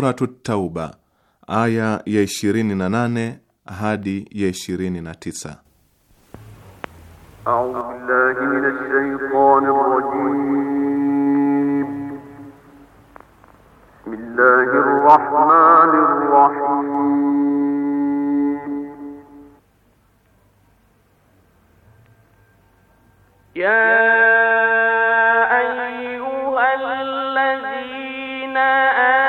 Suratu Tauba aya ya 28 hadi ya 29. A'udhu billahi minash rajim. Bismillahir rahmanir rahim. Ya ayyuhal ladhina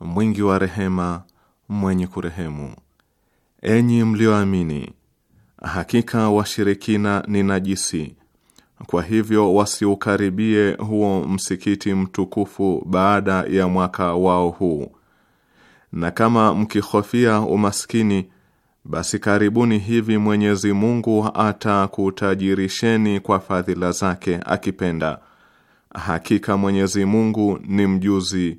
mwingi wa rehema, mwenye kurehemu. Enyi mlioamini, hakika washirikina ni najisi, kwa hivyo wasiukaribie huo msikiti mtukufu baada ya mwaka wao huu. Na kama mkihofia umaskini, basi karibuni hivi Mwenyezi Mungu atakutajirisheni kwa fadhila zake akipenda. Hakika Mwenyezi Mungu ni mjuzi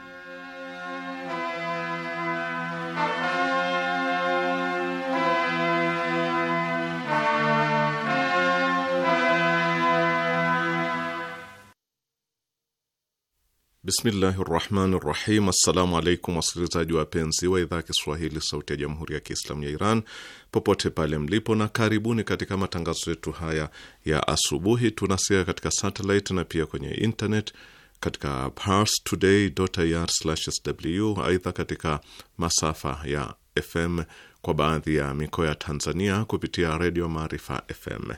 Bismillahi rahmani rahim. Assalamu alaikum wasikilizaji wapenzi wa idhaa ya Kiswahili sauti ya jamhuri ya Kiislamu ya Iran popote pale mlipo, na karibuni katika matangazo yetu haya ya asubuhi. Tunasikia katika satellite na pia kwenye internet katika parstoday.ir/sw. Aidha, katika masafa ya FM kwa baadhi ya mikoa ya Tanzania kupitia redio Maarifa FM.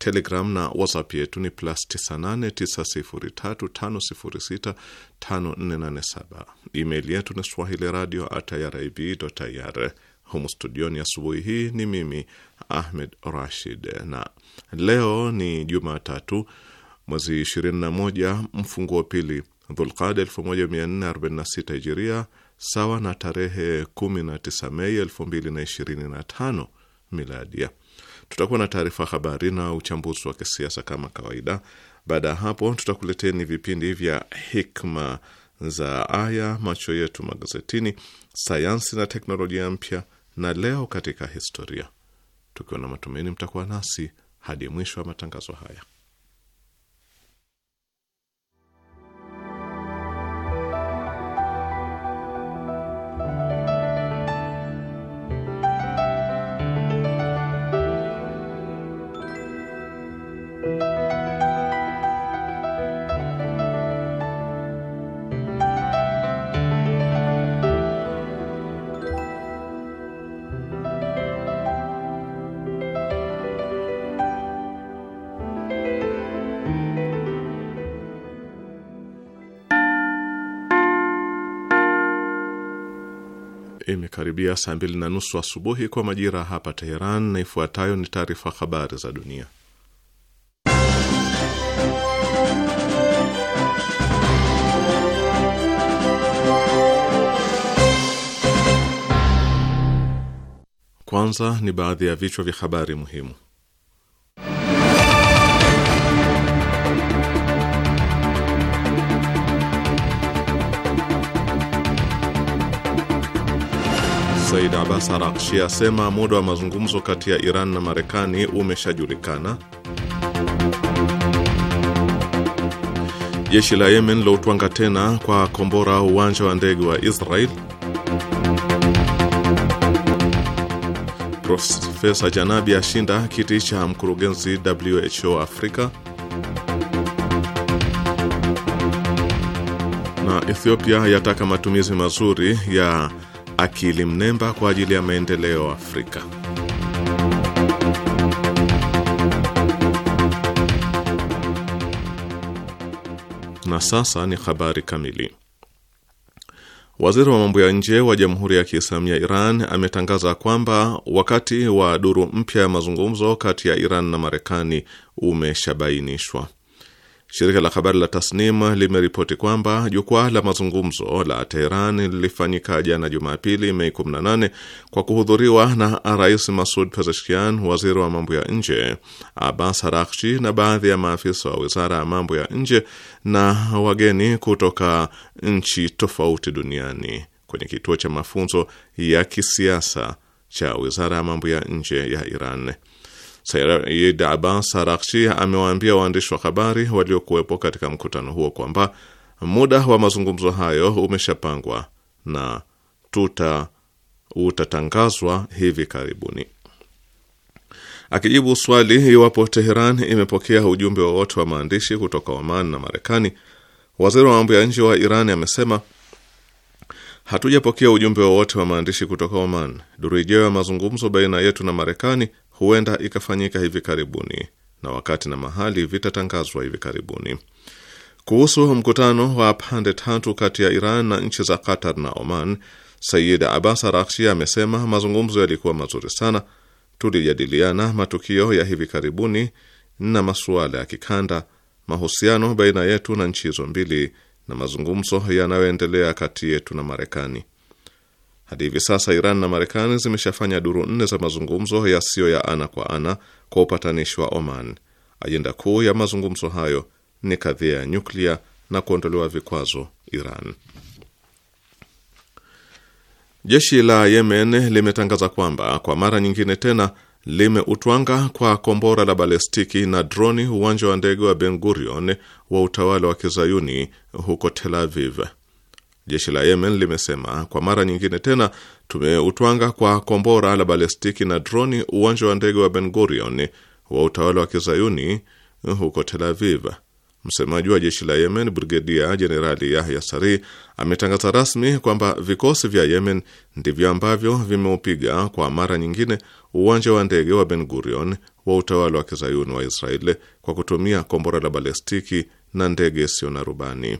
Telegram na WhatsApp yetu ni plus 989035065487. Email yetu ni swahili radio at irib ir. Humu studioni asubuhi hii ni mimi Ahmed Rashid, na leo ni Jumatatu mwezi 21 mfungu wa pili Dhulqada 1446 Hijiria, sawa na tarehe 19 Mei 2025 Miladia. Tutakuwa na taarifa habari na uchambuzi wa kisiasa kama kawaida. Baada ya hapo, tutakuleteni vipindi vya hikma za aya, macho yetu magazetini, sayansi na teknolojia mpya, na leo katika historia, tukiwa na matumaini mtakuwa nasi hadi mwisho wa matangazo haya. imekaribia saa mbili na nusu asubuhi kwa majira hapa Teheran, na ifuatayo ni taarifa habari za dunia. Kwanza ni baadhi ya vichwa vya habari muhimu. Said Abbas Araghchi asema muda wa mazungumzo kati ya Iran na Marekani umeshajulikana. Jeshi la Yemen lautwanga tena kwa kombora uwanja wa ndege wa Israel. Profesa Janabi ashinda kiti cha mkurugenzi WHO Afrika. Na Ethiopia yataka matumizi mazuri ya akili mnemba kwa ajili ya maendeleo Afrika. Na sasa ni habari kamili. Waziri wa mambo ya nje wa Jamhuri ya Kiislamu ya Iran ametangaza kwamba wakati wa duru mpya ya mazungumzo kati ya Iran na Marekani umeshabainishwa. Shirika la habari la Tasnim limeripoti kwamba jukwaa la mazungumzo la Teheran lilifanyika jana Jumapili, Mei 18 kwa kuhudhuriwa na Rais Masud Pezeshkian, waziri wa mambo ya nje Abbas arakshi na baadhi ya maafisa wa wizara ya mambo ya nje na wageni kutoka nchi tofauti duniani kwenye kituo cha mafunzo ya kisiasa cha wizara ya mambo ya nje ya Iran. Sayyid Abbas Araghchi amewaambia waandishi wa habari waliokuwepo katika mkutano huo kwamba muda wa mazungumzo hayo umeshapangwa na tuta utatangazwa hivi karibuni. Akijibu swali iwapo Teheran imepokea ujumbe wowote wa, wa maandishi kutoka Oman na Marekani, waziri wa mambo ya nje wa Iran amesema hatujapokea ujumbe wowote wa, wa maandishi kutoka Oman. Duru ijayo ya mazungumzo baina yetu na Marekani huenda ikafanyika hivi karibuni na wakati na mahali vitatangazwa hivi karibuni. Kuhusu mkutano wa pande tatu kati ya Iran na nchi za Qatar na Oman, Sayid Abbas Araghchi amesema mazungumzo yalikuwa mazuri sana, tulijadiliana matukio ya hivi karibuni na masuala ya kikanda, mahusiano baina yetu na nchi hizo mbili na mazungumzo yanayoendelea kati yetu na Marekani. Hadi hivi sasa Iran na Marekani zimeshafanya duru nne za mazungumzo yasiyo ya ana kwa ana kwa upatanishi wa Oman. Ajenda kuu ya mazungumzo hayo ni kadhia ya nyuklia na kuondolewa vikwazo Iran. Jeshi la Yemen limetangaza kwamba kwa mara nyingine tena limeutwanga kwa kombora la balestiki na droni uwanja wa ndege wa Ben Gurion wa utawala wa kizayuni huko Tel Aviv. Jeshi la Yemen limesema kwa mara nyingine tena tumeutwanga kwa kombora la balestiki na droni uwanja wa ndege wa Ben Gurion wa utawala wa kizayuni huko Tel Aviv. Msemaji wa jeshi la Yemen, Brigedia Jenerali Yahya Sari, ametangaza rasmi kwamba vikosi vya Yemen ndivyo ambavyo vimeupiga kwa mara nyingine uwanja wa ndege wa Ben Gurion wa utawala wa kizayuni wa Israeli kwa kutumia kombora la balestiki na ndege isiyo na rubani.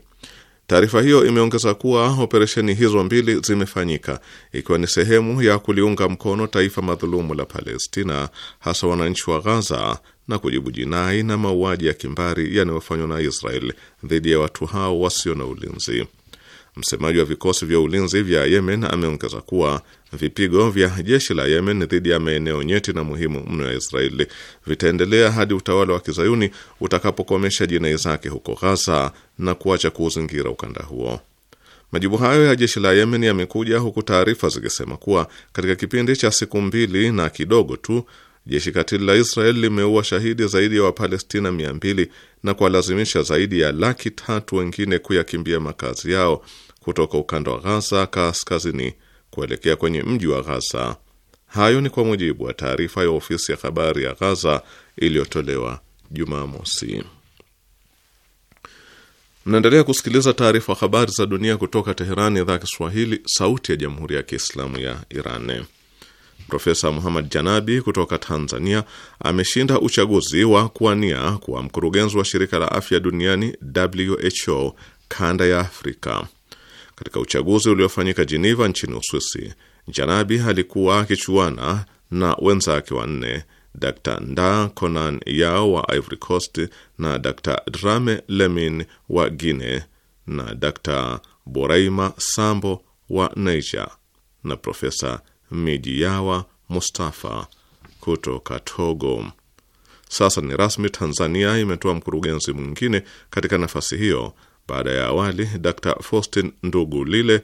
Taarifa hiyo imeongeza kuwa operesheni hizo mbili zimefanyika ikiwa ni sehemu ya kuliunga mkono taifa madhulumu la Palestina, hasa wananchi wa Ghaza, na kujibu jinai na mauaji ya kimbari yanayofanywa na Israel dhidi ya watu hao wasio na ulinzi. Msemaji wa vikosi vya ulinzi vya Yemen ameongeza kuwa vipigo vya jeshi la Yemen dhidi ya maeneo nyeti na muhimu mno ya Israeli vitaendelea hadi utawala wa kizayuni utakapokomesha jinai zake huko Ghaza na kuacha kuuzingira ukanda huo. Majibu hayo ya jeshi la Yemen yamekuja huku taarifa zikisema kuwa katika kipindi cha siku mbili na kidogo tu jeshi katili la Israel limeua shahidi zaidi ya Wapalestina 200 mbili na kuwalazimisha zaidi ya laki tatu wengine kuyakimbia makazi yao kutoka ukanda wa Ghaza kaskazini kuelekea kwenye mji wa Ghaza. Hayo ni kwa mujibu wa taarifa ya ofisi ya habari ya Ghaza iliyotolewa Jumamosi. Mnaendelea kusikiliza taarifa habari za dunia kutoka Teherani, idhaa ya Kiswahili, sauti ya jamhuri ya kiislamu ya Iran. Profesa Muhammad Janabi kutoka Tanzania ameshinda uchaguzi wa kuwania kuwa mkurugenzi wa shirika la afya duniani WHO kanda ya Afrika. Katika uchaguzi uliofanyika Geneva nchini Uswisi, Janabi alikuwa akichuana na wenzake wanne, Dr Nda Konan Yao wa Ivory Coast na Dr Drame Lemin wa Guine na Dr Boraima Sambo wa Niger na Profesa Mijiyawa Mustafa kutoka Togo. Sasa ni rasmi, Tanzania imetoa mkurugenzi mwingine katika nafasi hiyo baada ya awali Dr Faustin Ndugulile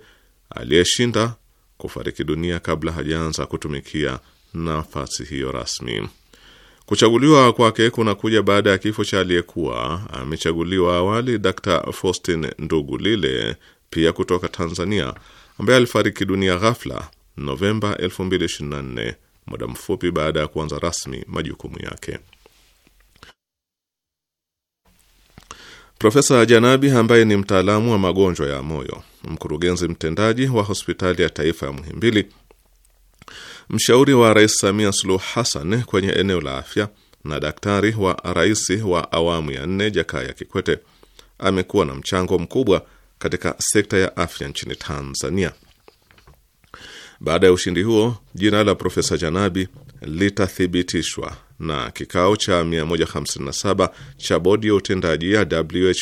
aliyeshinda kufariki dunia kabla hajaanza kutumikia nafasi hiyo rasmi. Kuchaguliwa kwake kunakuja baada ya kifo cha aliyekuwa amechaguliwa awali Dr Faustin Ndugulile, pia kutoka Tanzania, ambaye alifariki dunia ghafla Novemba 2024, muda mfupi baada ya kuanza rasmi majukumu yake. Profesa Janabi ambaye ni mtaalamu wa magonjwa ya moyo, mkurugenzi mtendaji wa hospitali ya taifa ya Muhimbili, mshauri wa Rais Samia Suluhu Hassan kwenye eneo la afya na daktari wa rais wa awamu ya nne Jakaya Kikwete, amekuwa na mchango mkubwa katika sekta ya afya nchini Tanzania. Baada ya ushindi huo, jina la Profesa Janabi litathibitishwa na kikao cha 157 cha bodi ya utendaji ya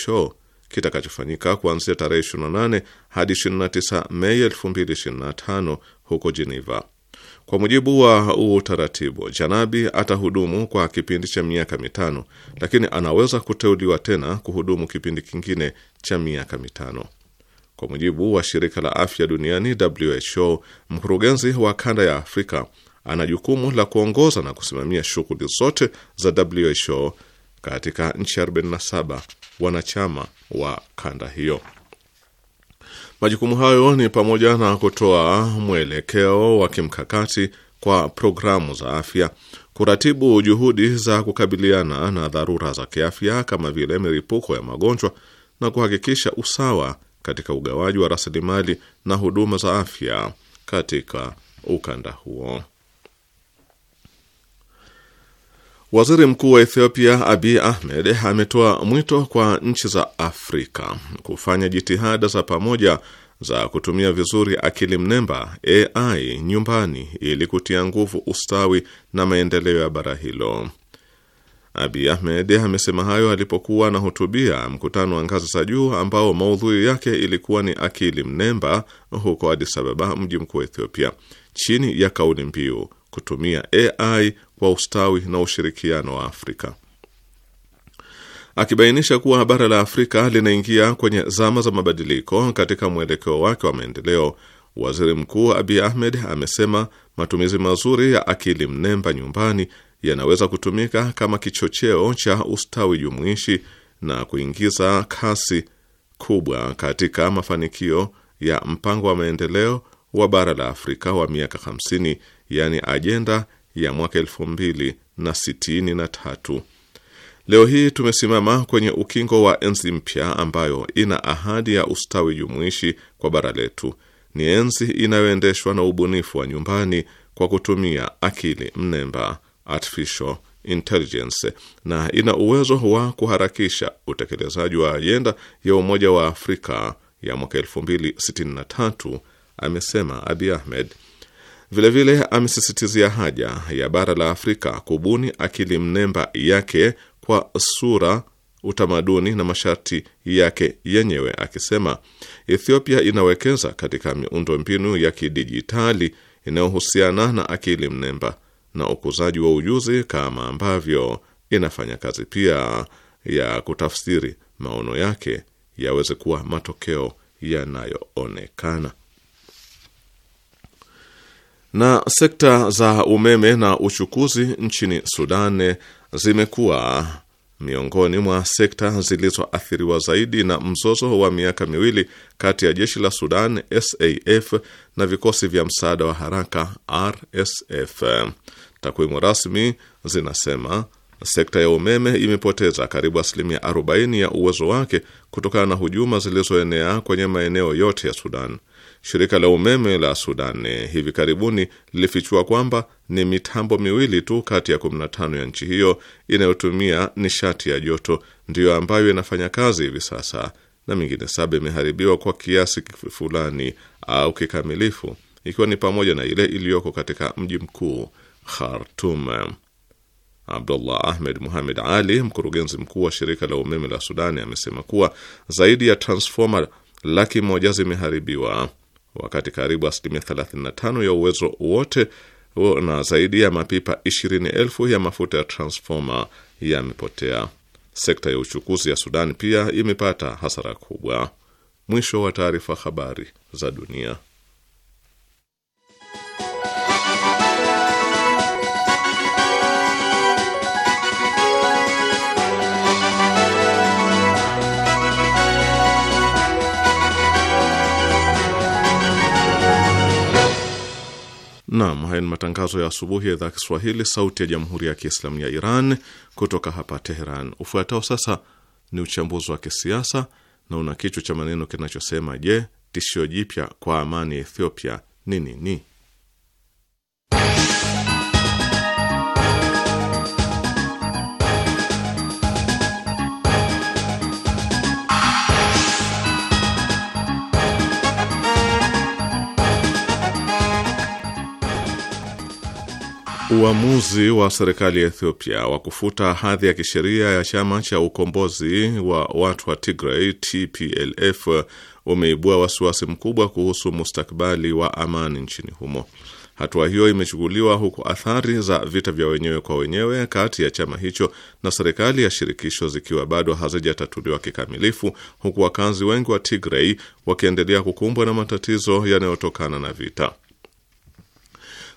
WHO kitakachofanyika kuanzia tarehe 28 hadi 29 Mei 2025 huko Geneva. Kwa mujibu wa utaratibu, Janabi atahudumu kwa kipindi cha miaka mitano, lakini anaweza kuteuliwa tena kuhudumu kipindi kingine cha miaka mitano. Kwa mujibu wa shirika la afya duniani WHO, mkurugenzi wa kanda ya Afrika ana jukumu la kuongoza na kusimamia shughuli zote za WHO katika nchi 47 wanachama wa kanda hiyo. Majukumu hayo ni pamoja na kutoa mwelekeo wa kimkakati kwa programu za afya, kuratibu juhudi za kukabiliana na dharura za kiafya kama vile milipuko ya magonjwa, na kuhakikisha usawa katika ugawaji wa rasilimali na huduma za afya katika ukanda huo. Waziri mkuu wa Ethiopia abi Ahmed ametoa mwito kwa nchi za Afrika kufanya jitihada za pamoja za kutumia vizuri akili mnemba AI nyumbani ili kutia nguvu ustawi na maendeleo ya bara hilo. abi Ahmed amesema hayo alipokuwa anahutubia mkutano wa ngazi za juu ambao maudhui yake ilikuwa ni akili mnemba huko Addis Ababa, mji mkuu wa Ethiopia, chini ya kauli mbiu kutumia AI wa ustawi na ushirikiano wa Afrika, akibainisha kuwa bara la Afrika linaingia kwenye zama za mabadiliko katika mwelekeo wake wa maendeleo. Waziri Mkuu Abiy Ahmed amesema matumizi mazuri ya akili mnemba nyumbani yanaweza kutumika kama kichocheo cha ustawi jumuishi na kuingiza kasi kubwa katika mafanikio ya mpango wa maendeleo wa bara la Afrika wa miaka 50, yani ajenda ya mwaka elfu mbili na sitini na tatu. Leo hii tumesimama kwenye ukingo wa enzi mpya ambayo ina ahadi ya ustawi jumuishi kwa bara letu. Ni enzi inayoendeshwa na ubunifu wa nyumbani kwa kutumia akili mnemba, artificial intelligence, na ina uwezo wa kuharakisha utekelezaji wa ajenda ya Umoja wa Afrika ya mwaka 2063, amesema Abiy Ahmed Vilevile amesisitizia haja ya bara la Afrika kubuni akili mnemba yake kwa sura, utamaduni na masharti yake yenyewe, akisema Ethiopia inawekeza katika miundo mbinu ya kidijitali inayohusiana na akili mnemba na ukuzaji wa ujuzi, kama ambavyo inafanya kazi pia ya kutafsiri maono yake yaweze kuwa matokeo yanayoonekana. Na sekta za umeme na uchukuzi nchini Sudan zimekuwa miongoni mwa sekta zilizoathiriwa zaidi na mzozo wa miaka miwili kati ya jeshi la Sudan SAF na vikosi vya msaada wa haraka RSF. Takwimu rasmi zinasema sekta ya umeme imepoteza karibu asilimia 40 ya uwezo wake kutokana na hujuma zilizoenea kwenye maeneo yote ya Sudan. Shirika la umeme la Sudan hivi karibuni lilifichua kwamba ni mitambo miwili tu kati ya 15 ya nchi hiyo inayotumia nishati ya joto ndiyo ambayo inafanya kazi hivi sasa, na mingine saba imeharibiwa kwa kiasi fulani au kikamilifu, ikiwa ni pamoja na ile iliyoko katika mji mkuu Khartoum. Abdullah Ahmed Muhamed Ali, mkurugenzi mkuu wa shirika la umeme la Sudani, amesema kuwa zaidi ya transfoma laki moja zimeharibiwa wakati karibu asilimia 35 ya uwezo wote na zaidi ya mapipa 20,000 ya mafuta ya transformer yamepotea. Sekta ya uchukuzi ya Sudan pia imepata hasara kubwa. Mwisho wa taarifa. Habari za dunia. Naam, haya ni matangazo ya asubuhi ya idhaa Kiswahili sauti ya jamhuri ya Kiislamu ya Iran kutoka hapa Teheran. Ufuatao sasa ni uchambuzi wa kisiasa na una kichwa cha maneno kinachosema: Je, tishio jipya kwa amani ya Ethiopia ni nini? Uamuzi wa serikali ya Ethiopia wa kufuta hadhi ya kisheria ya chama cha ukombozi wa watu wa Tigray TPLF umeibua wasiwasi mkubwa kuhusu mustakabali wa amani nchini humo. Hatua hiyo imechukuliwa huku athari za vita vya wenyewe kwa wenyewe kati ya chama hicho na serikali ya shirikisho zikiwa bado hazijatatuliwa kikamilifu, huku wakazi wengi wa Tigray wakiendelea kukumbwa na matatizo yanayotokana na vita.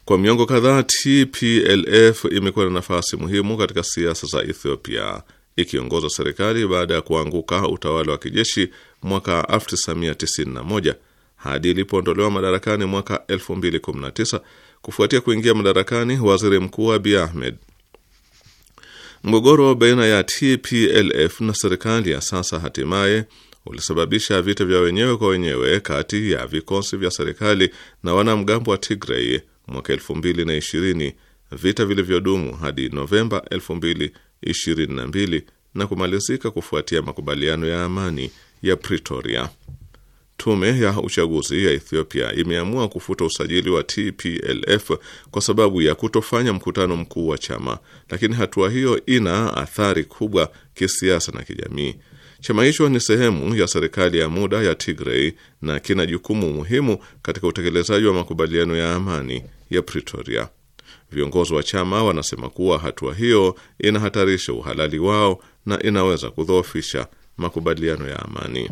Kwa miongo kadhaa TPLF imekuwa na nafasi muhimu katika siasa za Ethiopia, ikiongoza serikali baada ya kuanguka utawala wa kijeshi mwaka 1991 hadi ilipoondolewa madarakani mwaka 2019 kufuatia kuingia madarakani waziri mkuu Abiy Ahmed. Mgogoro baina ya TPLF na serikali ya sasa hatimaye ulisababisha vita vya wenyewe kwa wenyewe kati ya vikosi vya serikali na wanamgambo wa Tigray mwaka 2020 vita vilivyodumu hadi Novemba 2022 na kumalizika kufuatia makubaliano ya amani ya Pretoria. Tume ya uchaguzi ya Ethiopia imeamua kufuta usajili wa TPLF kwa sababu ya kutofanya mkutano mkuu wa chama, lakini hatua hiyo ina athari kubwa kisiasa na kijamii. Chama hicho ni sehemu ya serikali ya muda ya Tigray na kina jukumu muhimu katika utekelezaji wa makubaliano ya amani ya Pretoria. Viongozi wa chama wanasema kuwa hatua hiyo inahatarisha uhalali wao na inaweza kudhoofisha makubaliano ya amani.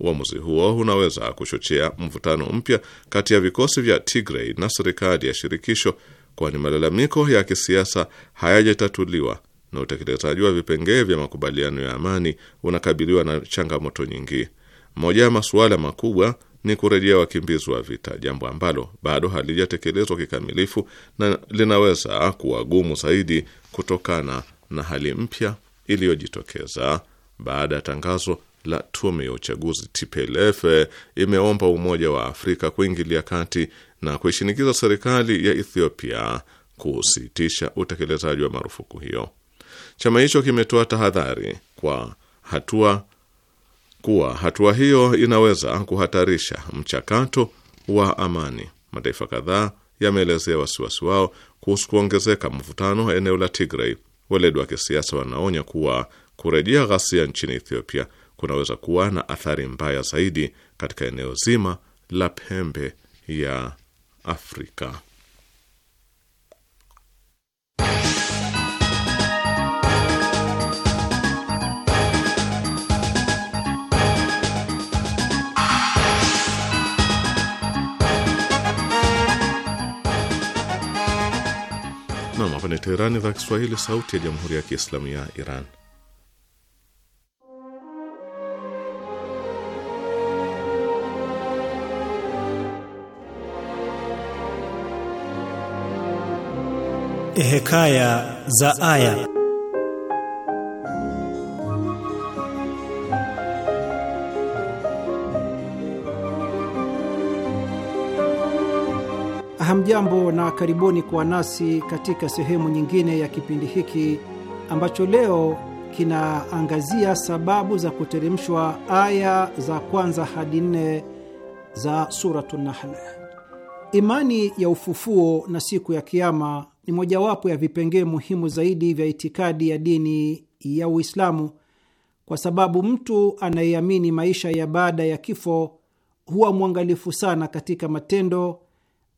Uamuzi huo unaweza kuchochea mvutano mpya kati ya vikosi vya Tigray na serikali ya shirikisho, kwani malalamiko ya kisiasa hayajatatuliwa na utekelezaji wa vipengee vya makubaliano ya amani unakabiliwa na changamoto nyingi. Moja ya masuala makubwa ni kurejea wakimbizi wa vita, jambo ambalo bado halijatekelezwa kikamilifu na linaweza kuwa gumu zaidi kutokana na hali mpya iliyojitokeza baada ya tangazo la tume ya uchaguzi. TPLF imeomba Umoja wa Afrika kuingilia kati na kuishinikiza serikali ya Ethiopia kusitisha utekelezaji wa marufuku hiyo. Chama hicho kimetoa tahadhari kwa hatua kuwa hatua hiyo inaweza kuhatarisha mchakato wa amani. Mataifa kadhaa yameelezea wasiwasi wao kuhusu kuongezeka mvutano eneo la Tigray. Weledi wa kisiasa wanaonya kuwa kurejea ghasia nchini Ethiopia kunaweza kuwa na athari mbaya zaidi katika eneo zima la pembe ya Afrika. ni Teherani, idhaa Kiswahili, sauti ya jamhuri ya kiislamu ya Iran. Hekaya za Aya. Hamjambo na karibuni kuwa nasi katika sehemu nyingine ya kipindi hiki ambacho leo kinaangazia sababu za kuteremshwa aya za kwanza hadi nne za Suratu Nahl. Imani ya ufufuo na siku ya Kiama ni mojawapo ya vipengee muhimu zaidi vya itikadi ya dini ya Uislamu, kwa sababu mtu anayeamini maisha ya baada ya kifo huwa mwangalifu sana katika matendo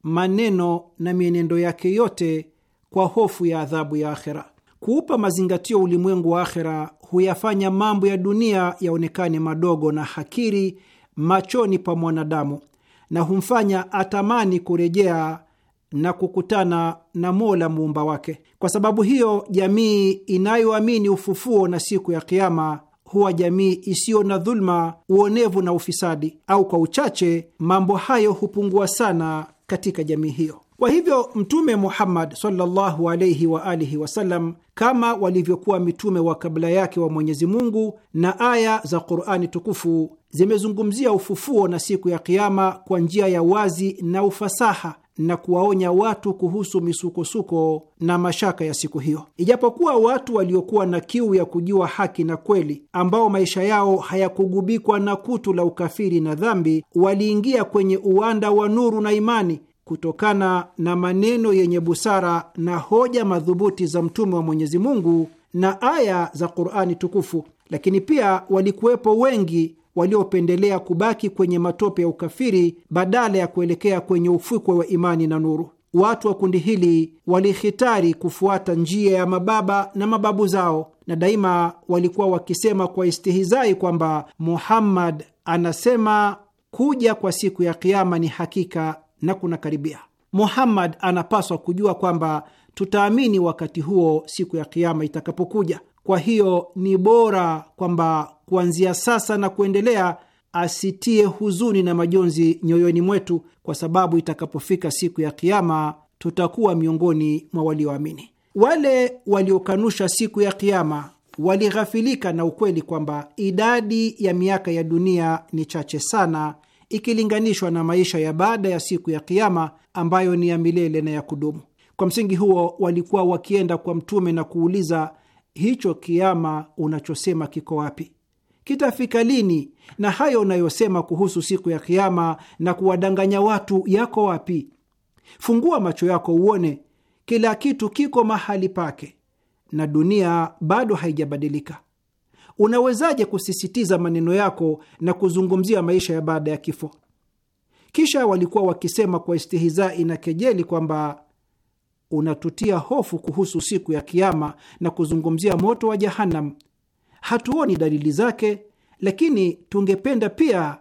maneno na mienendo yake yote kwa hofu ya adhabu ya akhera. Kuupa mazingatio ulimwengu wa akhera huyafanya mambo ya dunia yaonekane madogo na hakiri machoni pa mwanadamu na humfanya atamani kurejea na kukutana na Mola muumba wake. Kwa sababu hiyo, jamii inayoamini ufufuo na siku ya Kiama huwa jamii isiyo na dhuluma, uonevu na ufisadi, au kwa uchache mambo hayo hupungua sana katika jamii hiyo. Kwa hivyo Mtume Muhammad sallallahu wa alihi wasallam, kama walivyokuwa mitume wa kabla yake wa Mwenyezi Mungu, na aya za Qurani tukufu zimezungumzia ufufuo na siku ya Kiama kwa njia ya wazi na ufasaha na kuwaonya watu kuhusu misukosuko na mashaka ya siku hiyo. Ijapokuwa watu waliokuwa na kiu ya kujua haki na kweli, ambao maisha yao hayakugubikwa na kutu la ukafiri na dhambi, waliingia kwenye uwanda wa nuru na imani kutokana na maneno yenye busara na hoja madhubuti za mtume wa Mwenyezi Mungu na aya za Qur'ani tukufu, lakini pia walikuwepo wengi waliopendelea kubaki kwenye matope ya ukafiri badala ya kuelekea kwenye ufukwe wa imani na nuru. Watu wa kundi hili walihitari kufuata njia ya mababa na mababu zao, na daima walikuwa wakisema kwa istihizai kwamba Muhammad anasema kuja kwa siku ya Kiama ni hakika na kunakaribia. Muhammad anapaswa kujua kwamba tutaamini wakati huo, siku ya Kiama itakapokuja. Kwa hiyo ni bora kwamba kuanzia sasa na kuendelea asitie huzuni na majonzi nyoyoni mwetu, kwa sababu itakapofika siku ya Kiama tutakuwa miongoni mwa walioamini. wale waliokanusha siku ya Kiama walighafilika na ukweli kwamba idadi ya miaka ya dunia ni chache sana ikilinganishwa na maisha ya baada ya siku ya Kiama ambayo ni ya milele na ya kudumu. Kwa msingi huo, walikuwa wakienda kwa Mtume na kuuliza, hicho kiama unachosema kiko wapi? kitafika lini? Na hayo unayosema kuhusu siku ya Kiama na kuwadanganya watu yako wapi? Fungua macho yako uone, kila kitu kiko mahali pake na dunia bado haijabadilika. Unawezaje kusisitiza maneno yako na kuzungumzia maisha ya baada ya kifo? Kisha walikuwa wakisema kwa istihizai na kejeli kwamba unatutia hofu kuhusu siku ya Kiama na kuzungumzia moto wa Jahanam hatuoni dalili zake, lakini tungependa pia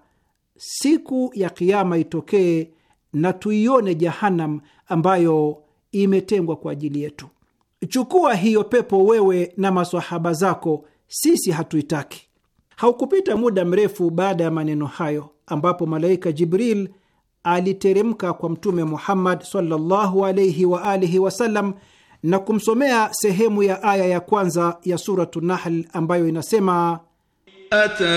siku ya Kiama itokee na tuione Jahanam ambayo imetengwa kwa ajili yetu. Chukua hiyo pepo wewe na masahaba zako, sisi hatuitaki. Haukupita muda mrefu baada ya maneno hayo, ambapo malaika Jibril aliteremka kwa Mtume Muhammad sallallahu alaihi wa alihi wasallam na kumsomea sehemu ya aya ya kwanza ya Suratu Nahl ambayo inasema ata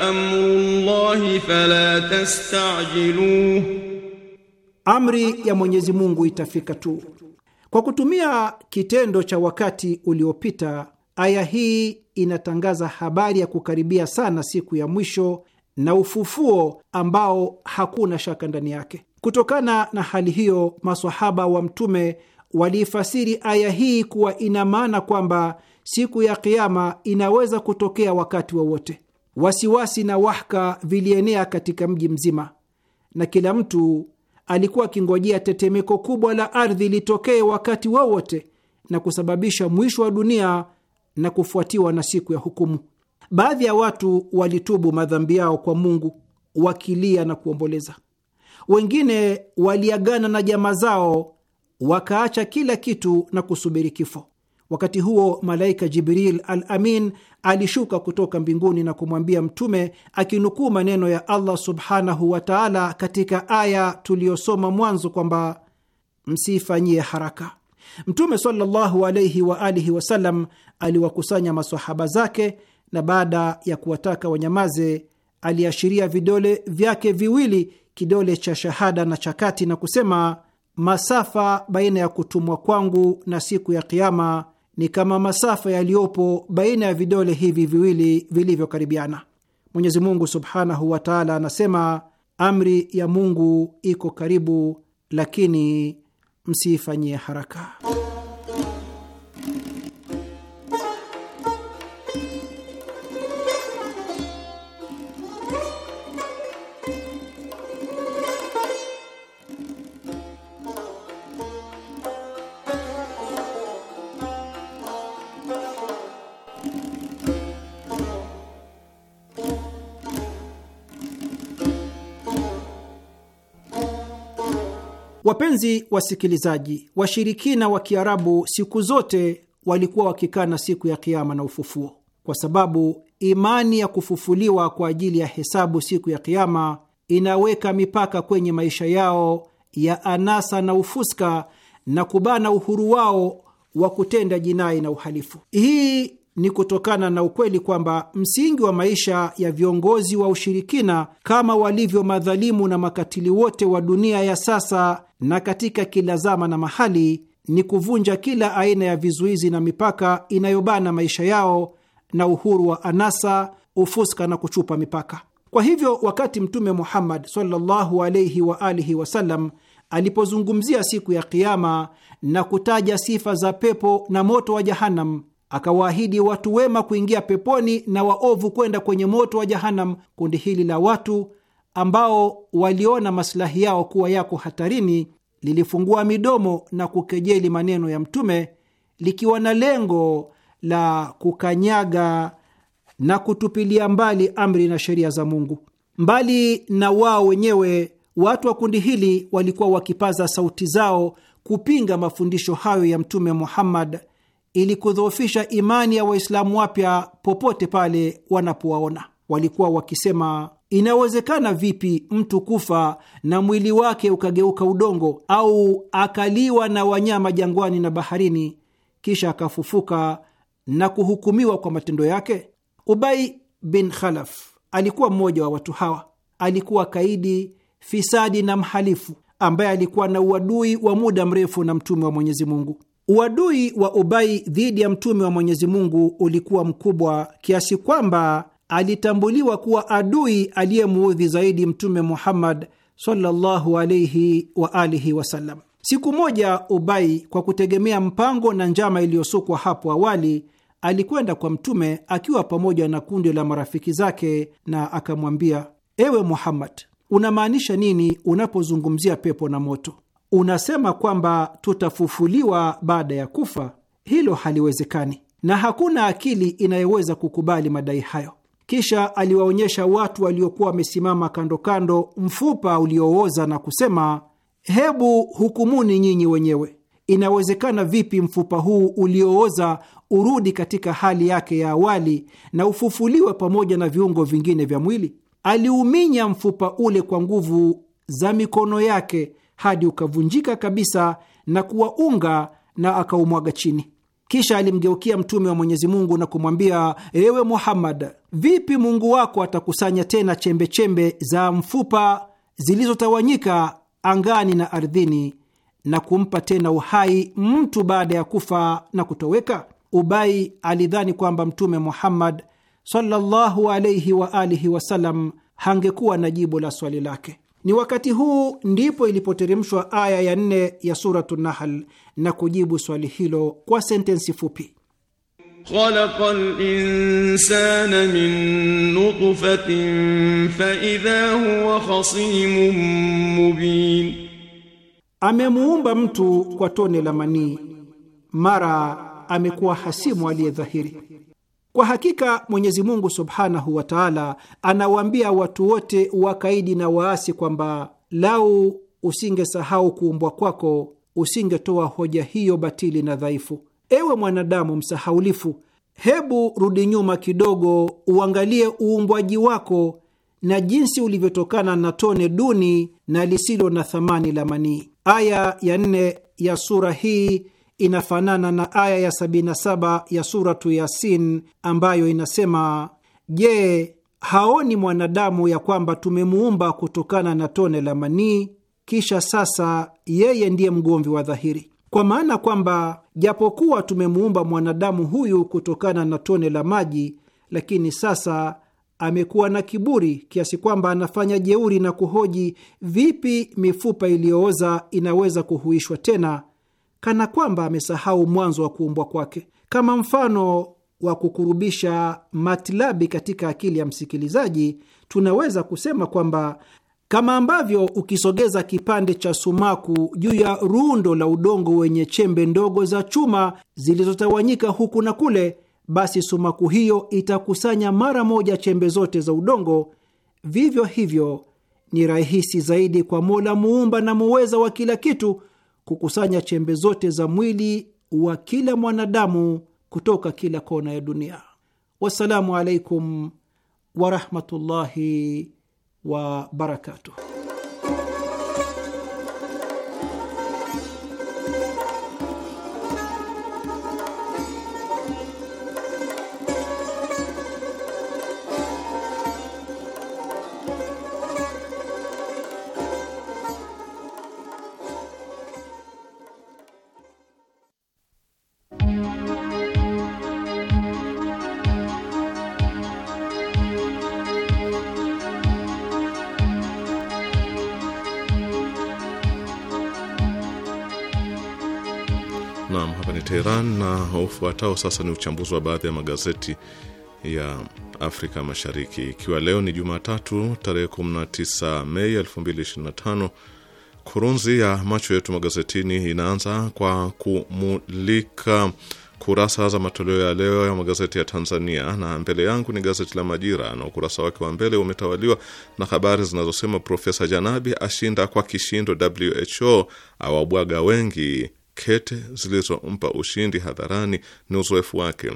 amrullahi fala tastajiluh, amri ya Mwenyezi Mungu itafika tu. Kwa kutumia kitendo cha wakati uliopita, aya hii inatangaza habari ya kukaribia sana siku ya mwisho na ufufuo ambao hakuna shaka ndani yake. Kutokana na hali hiyo, masahaba wa Mtume waliifasiri aya hii kuwa ina maana kwamba siku ya kiama inaweza kutokea wakati wowote. wa wasiwasi na wahka vilienea katika mji mzima, na kila mtu alikuwa akingojea tetemeko kubwa la ardhi litokee wakati wowote wa na kusababisha mwisho wa dunia na kufuatiwa na siku ya hukumu. Baadhi ya watu walitubu madhambi yao kwa Mungu wakilia na kuomboleza, wengine waliagana na jamaa zao wakaacha kila kitu na kusubiri kifo. Wakati huo malaika Jibril al Amin alishuka kutoka mbinguni na kumwambia Mtume akinukuu maneno ya Allah subhanahu wa taala katika aya tuliyosoma mwanzo kwamba msiifanyie haraka. Mtume sallallahu alaihi wa alihi wasallam aliwakusanya masahaba zake na baada ya kuwataka wanyamaze, aliashiria vidole vyake viwili, kidole cha shahada na cha kati, na kusema masafa baina ya kutumwa kwangu na siku ya Kiama ni kama masafa yaliyopo baina ya vidole hivi viwili vilivyokaribiana. Mwenyezi Mungu subhanahu wa taala anasema, amri ya Mungu iko karibu, lakini msiifanyie haraka. Wapenzi wasikilizaji, washirikina wa Kiarabu siku zote walikuwa wakikana siku ya Kiama na ufufuo, kwa sababu imani ya kufufuliwa kwa ajili ya hesabu siku ya Kiama inaweka mipaka kwenye maisha yao ya anasa na ufuska na kubana uhuru wao wa kutenda jinai na uhalifu. Hii ni kutokana na ukweli kwamba msingi wa maisha ya viongozi wa ushirikina kama walivyo madhalimu na makatili wote wa dunia ya sasa na katika kila zama na mahali ni kuvunja kila aina ya vizuizi na mipaka inayobana maisha yao na uhuru wa anasa, ufuska na kuchupa mipaka. Kwa hivyo, wakati Mtume Muhammad sallallahu alayhi wa alihi wasallam alipozungumzia siku ya Kiama na kutaja sifa za pepo na moto wa Jahanam, akawaahidi watu wema kuingia peponi na waovu kwenda kwenye moto wa Jahanam. Kundi hili la watu ambao waliona masilahi yao kuwa yako hatarini lilifungua midomo na kukejeli maneno ya Mtume likiwa na lengo la kukanyaga na kutupilia mbali amri na sheria za Mungu. Mbali na wao wenyewe, watu wa kundi hili walikuwa wakipaza sauti zao kupinga mafundisho hayo ya Mtume Muhammad ili kudhoofisha imani ya Waislamu wapya popote pale wanapowaona. Walikuwa wakisema, inawezekana vipi mtu kufa na mwili wake ukageuka udongo au akaliwa na wanyama jangwani na baharini, kisha akafufuka na kuhukumiwa kwa matendo yake? ubai bin Khalaf alikuwa mmoja wa watu hawa. Alikuwa kaidi, fisadi na mhalifu ambaye alikuwa na uadui wa muda mrefu na Mtume wa Mwenyezi Mungu. Uadui wa Ubai dhidi ya mtume wa Mwenyezi Mungu ulikuwa mkubwa kiasi kwamba alitambuliwa kuwa adui aliyemuudhi zaidi Mtume Muhammad sallallahu alaihi wa alihi wasallam. Siku moja, Ubai kwa kutegemea mpango na njama iliyosukwa hapo awali, alikwenda kwa Mtume akiwa pamoja na kundi la marafiki zake na akamwambia, ewe Muhammad, unamaanisha nini unapozungumzia pepo na moto? unasema kwamba tutafufuliwa baada ya kufa? Hilo haliwezekani, na hakuna akili inayoweza kukubali madai hayo. Kisha aliwaonyesha watu waliokuwa wamesimama kando kando mfupa uliooza na kusema, hebu hukumuni nyinyi wenyewe, inawezekana vipi mfupa huu uliooza urudi katika hali yake ya awali na ufufuliwe pamoja na viungo vingine vya mwili? Aliuminya mfupa ule kwa nguvu za mikono yake hadi ukavunjika kabisa na kuwa unga na akaumwaga chini. Kisha alimgeukia Mtume wa Mwenyezi Mungu na kumwambia, ewe Muhammad, vipi Mungu wako atakusanya tena chembechembe chembe za mfupa zilizotawanyika angani na ardhini na kumpa tena uhai mtu baada ya kufa na kutoweka? Ubai alidhani kwamba Mtume Muhammad sallallahu alaihi wa alihi wasallam hangekuwa na jibu la swali lake. Ni wakati huu ndipo ilipoteremshwa aya ya nne ya Suratu na kujibu swali hilo kwa sentensi fupi: khalaqal insana min nutfatin fa idha huwa khasimun mubin, amemuumba mtu kwa tone la manii, mara amekuwa hasimu aliyedhahiri. Kwa hakika Mwenyezi Mungu subhanahu wa taala anawaambia watu wote wakaidi na waasi kwamba lau usingesahau kuumbwa kwako usingetoa hoja hiyo batili na dhaifu. Ewe mwanadamu msahaulifu, hebu rudi nyuma kidogo, uangalie uumbwaji wako na jinsi ulivyotokana na tone duni na lisilo na thamani la manii. Aya ya nne ya sura hii inafanana na aya ya 77 ya suratu Yasin ambayo inasema: Je, haoni mwanadamu ya kwamba tumemuumba kutokana na tone la manii, kisha sasa yeye ndiye mgomvi wa dhahiri? Kwa maana kwamba japokuwa tumemuumba mwanadamu huyu kutokana na tone la maji, lakini sasa amekuwa na kiburi kiasi kwamba anafanya jeuri na kuhoji, vipi mifupa iliyooza inaweza kuhuishwa tena kana kwamba amesahau mwanzo wa kuumbwa kwake. Kama mfano wa kukurubisha matilabi katika akili ya msikilizaji, tunaweza kusema kwamba kama ambavyo ukisogeza kipande cha sumaku juu ya rundo la udongo wenye chembe ndogo za chuma zilizotawanyika huku na kule, basi sumaku hiyo itakusanya mara moja chembe zote za udongo. Vivyo hivyo, ni rahisi zaidi kwa Mola muumba na muweza wa kila kitu kukusanya chembe zote za mwili wa kila mwanadamu kutoka kila kona ya dunia. Wassalamu alaikum warahmatullahi wabarakatuh. Ufuatao sasa ni uchambuzi wa baadhi ya magazeti ya Afrika Mashariki, ikiwa leo ni Jumatatu tarehe 19 Mei 2025. Kurunzi ya macho yetu magazetini inaanza kwa kumulika kurasa za matoleo ya leo ya magazeti ya Tanzania, na mbele yangu ni gazeti la Majira na ukurasa wake wa mbele umetawaliwa na habari zinazosema Profesa Janabi ashinda kwa kishindo, WHO awabwaga wengi kete zilizompa ushindi hadharani ni uzoefu wake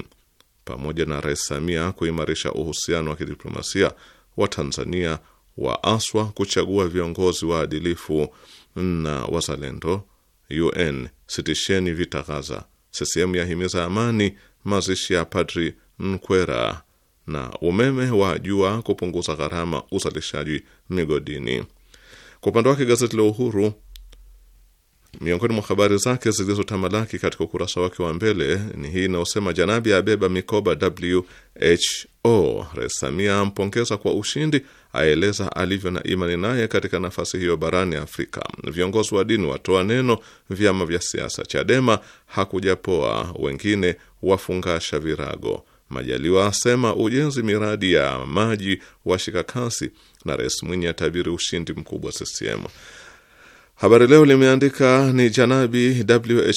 pamoja na Rais Samia kuimarisha uhusiano wa kidiplomasia wa Tanzania wa aswa kuchagua viongozi waadilifu na wazalendo. UN sitisheni vita Gaza. CCM yahimiza amani. Mazishi ya Padri Nkwera na umeme wa jua kupunguza gharama uzalishaji migodini. Kwa upande wake gazeti la Uhuru Miongoni mwa habari zake zilizotamalaki katika ukurasa wake wa mbele ni hii inayosema Janabi abeba mikoba WHO, Rais Samia ampongeza kwa ushindi, aeleza alivyo na imani naye katika nafasi hiyo barani Afrika. Viongozi wa dini watoa neno, vyama vya siasa, Chadema hakujapoa, wengine wafungasha virago. Majaliwa asema ujenzi miradi ya maji washika kasi, na Rais Mwinyi atabiri ushindi mkubwa CCM. Habari Leo limeandika ni janabi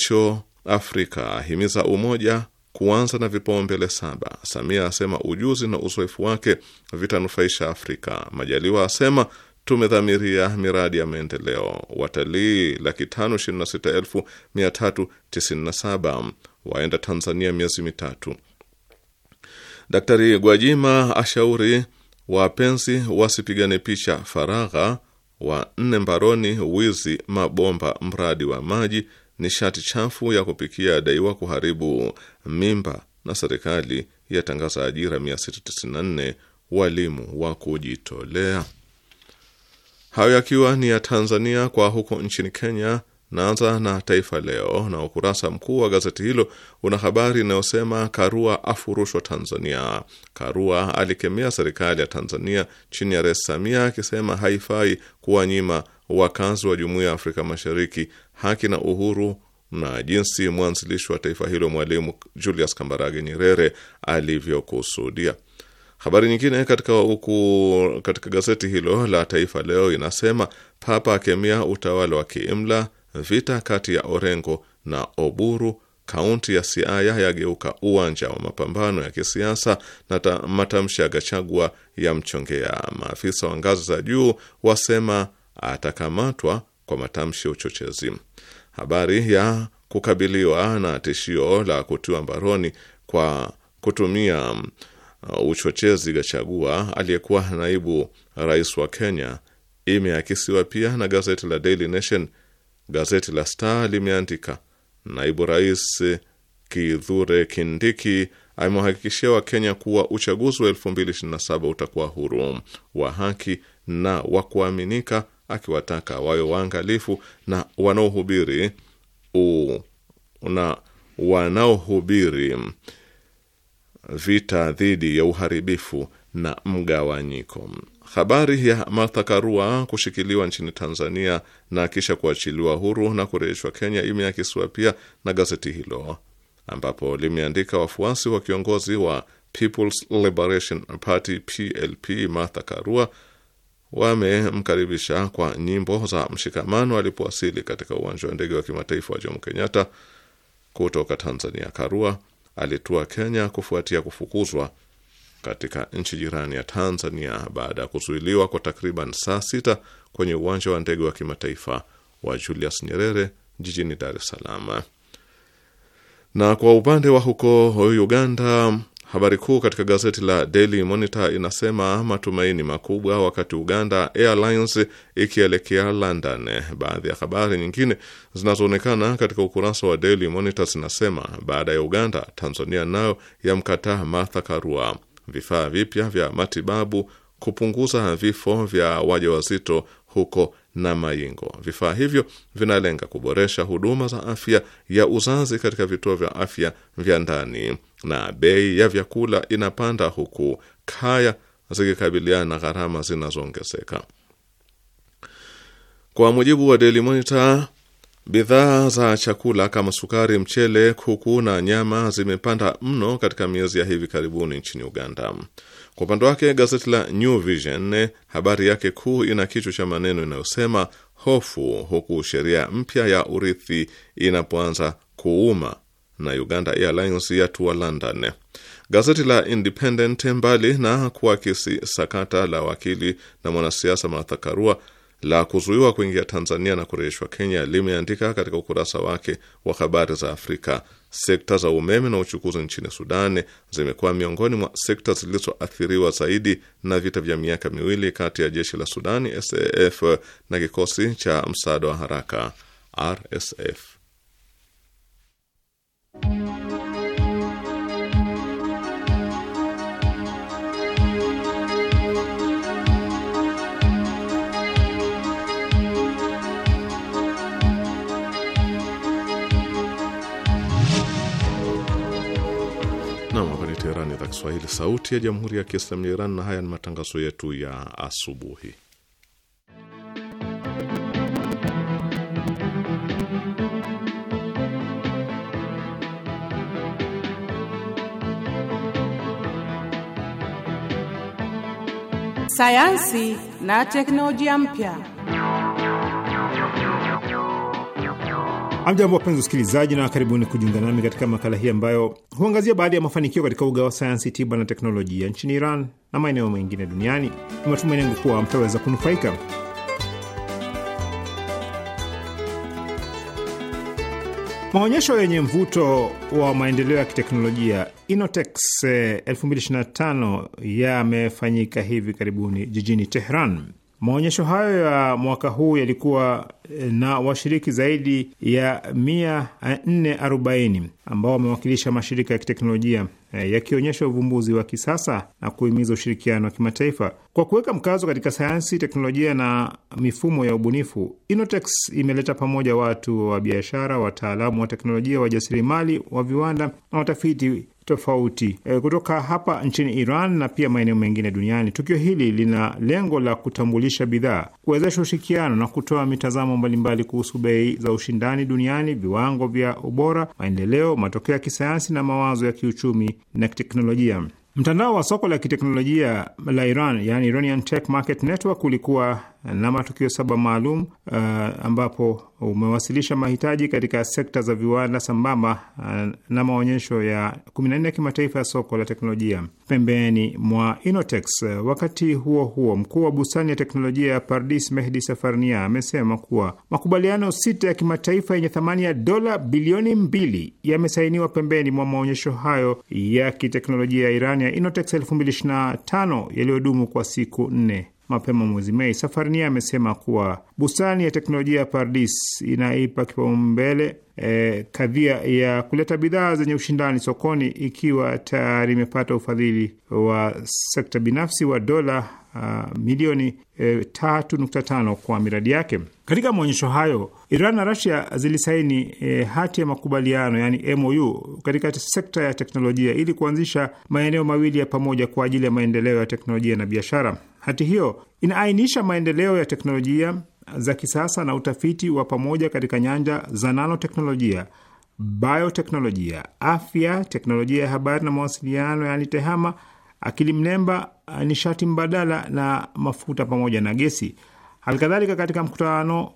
WHO Afrika ahimiza umoja kuanza na vipaumbele saba. Samia asema ujuzi na uzoefu wake vitanufaisha Afrika. Majaliwa asema tumedhamiria miradi ya maendeleo. Watalii laki tano ishirini na sita elfu mia tatu tisini na saba waenda Tanzania miezi mitatu. Daktari Gwajima ashauri wapenzi wasipigane picha faragha wa nne mbaroni wizi mabomba mradi wa maji nishati chafu ya kupikia daiwa kuharibu mimba, na serikali yatangaza ajira 694 walimu wa kujitolea. Hayo yakiwa ni ya Tanzania. Kwa huko nchini Kenya Naanza na Taifa Leo na ukurasa mkuu wa gazeti hilo una habari inayosema Karua afurushwa Tanzania. Karua alikemea serikali ya Tanzania chini ya Rais Samia akisema haifai kuwanyima wakazi wa Jumuiya ya Afrika Mashariki haki na uhuru na jinsi mwanzilishi wa taifa hilo Mwalimu Julius Kambarage Nyerere alivyokusudia. Habari nyingine katika, uku, katika gazeti hilo la Taifa Leo inasema Papa akemea utawala wa kiimla vita kati ya Orengo na Oburu kaunti ya Siaya yageuka uwanja wa mapambano ya kisiasa na matamshi ya Gachagua ya mchongea. Maafisa wa ngazi za juu wasema atakamatwa kwa matamshi ya uchochezi. Habari ya kukabiliwa na tishio la kutiwa mbaroni kwa kutumia uh, uchochezi Gachagua, aliyekuwa naibu rais wa Kenya, imeakisiwa pia na gazeti la Daily Nation Gazeti la Star limeandika naibu rais Kithure Kindiki amewahakikishia Wakenya kuwa uchaguzi wa 2027 utakuwa huru wa haki na wa kuaminika, akiwataka wawe waangalifu na wanaohubiri na wanaohubiri vita dhidi ya uharibifu na mgawanyiko. Habari ya Martha Karua kushikiliwa nchini Tanzania na kisha kuachiliwa huru na kurejeshwa Kenya imeakisiwa pia na gazeti hilo, ambapo limeandika wafuasi wa kiongozi wa People's Liberation Party PLP Martha Karua wamemkaribisha kwa nyimbo za mshikamano alipowasili katika uwanja wa ndege wa kimataifa wa Jomo Kenyatta kutoka Tanzania. Karua alitua Kenya kufuatia kufukuzwa katika nchi jirani ya Tanzania baada ya kuzuiliwa kwa takriban saa sita kwenye uwanja wa ndege wa kimataifa wa Julius Nyerere jijini Dar es Salaam. Na kwa upande wa huko Uganda, habari kuu katika gazeti la Daily Monitor inasema matumaini makubwa wakati Uganda Airlines ikielekea London. Baadhi ya habari nyingine zinazoonekana katika ukurasa wa Daily Monitor zinasema baada ya Uganda, Tanzania nayo yamkataa Martha Karua vifaa vipya vya matibabu, kupunguza vifo vya wajawazito huko na maingo Vifaa hivyo vinalenga kuboresha huduma za afya ya uzazi katika vituo vya afya vya ndani, na bei ya vyakula inapanda huku kaya zikikabiliana na gharama zinazoongezeka. Kwa mujibu wa Daily Monitor, Bidhaa za chakula kama sukari, mchele, kuku na nyama zimepanda mno katika miezi ya hivi karibuni nchini Uganda. Kwa upande wake, gazeti la New Vision habari yake kuu ina kichwa cha maneno inayosema hofu, huku sheria mpya ya urithi inapoanza kuuma na Uganda Airlines yatua London. Gazeti la Independent, mbali na kuakisi sakata la wakili na mwanasiasa Martha Karua la kuzuiwa kuingia Tanzania na kurejeshwa Kenya limeandika katika ukurasa wake wa habari za Afrika, sekta za umeme na uchukuzi nchini Sudani zimekuwa miongoni mwa sekta zilizoathiriwa zaidi na vita vya miaka miwili kati ya jeshi la Sudani SAF na kikosi cha msaada wa haraka RSF. Kiswahili, Sauti ya Jamhuri ya Kiislamu ya Iran, na haya ni matangazo yetu ya asubuhi. Sayansi na teknolojia mpya. Amjambo, wapenzi usikilizaji, na karibuni kujiunga nami katika makala hii ambayo huangazia baadhi ya mafanikio katika uga wa sayansi, tiba na teknolojia nchini Iran na maeneo mengine duniani. Ni matumaini yangu kuwa mtaweza kunufaika. Maonyesho yenye mvuto wa maendeleo ya kiteknolojia inotex 2025 eh, yamefanyika hivi karibuni jijini Tehran. Maonyesho hayo ya mwaka huu yalikuwa eh, na washiriki zaidi ya 440 eh, ambao wamewakilisha mashirika ya kiteknolojia eh, yakionyesha uvumbuzi wa kisasa na kuhimiza ushirikiano wa kimataifa kwa kuweka mkazo katika sayansi, teknolojia na mifumo ya ubunifu. Inotex imeleta pamoja watu wa biashara, wataalamu wa teknolojia, wajasiriamali wa viwanda na watafiti tofauti e, kutoka hapa nchini Iran na pia maeneo mengine duniani. Tukio hili lina lengo la kutambulisha bidhaa, kuwezesha ushirikiano na kutoa mitazamo mbalimbali kuhusu bei za ushindani duniani, viwango vya ubora, maendeleo, matokeo ya kisayansi na mawazo ya kiuchumi na kiteknolojia. Mtandao wa soko la kiteknolojia la Iran, yani Iranian Tech Market Network, ulikuwa na matukio saba maalum uh, ambapo umewasilisha mahitaji katika sekta za viwanda sambamba uh, na maonyesho ya 14 ya kimataifa ya soko la teknolojia pembeni mwa Inotex. Uh, wakati huo huo, mkuu wa bustani ya teknolojia ya Pardis Mehdi Safarnia amesema kuwa makubaliano sita ya kimataifa yenye thamani ya dola bilioni mbili yamesainiwa pembeni mwa maonyesho hayo ya kiteknolojia ya Iran ya Inotex 2025 yaliyodumu kwa siku nne mapema mwezi Mei. Safarini amesema kuwa bustani ya teknolojia ya Pardis inaipa kipaumbele e, kadhia ya kuleta bidhaa zenye ushindani sokoni, ikiwa tayari imepata ufadhili wa sekta binafsi wa dola Uh, milioni e, 3.5 kwa miradi yake. Katika maonyesho hayo, Iran na Russia zilisaini e, hati ya makubaliano yani MOU katika sekta ya teknolojia ili kuanzisha maeneo mawili ya pamoja kwa ajili ya maendeleo ya teknolojia na biashara. Hati hiyo inaainisha maendeleo ya teknolojia za kisasa na utafiti wa pamoja katika nyanja za nanoteknolojia, bioteknolojia, afya, teknolojia ya habari na mawasiliano, yaani TEHAMA, akili mnemba, nishati mbadala na mafuta pamoja na gesi. Halikadhalika, katika mkutano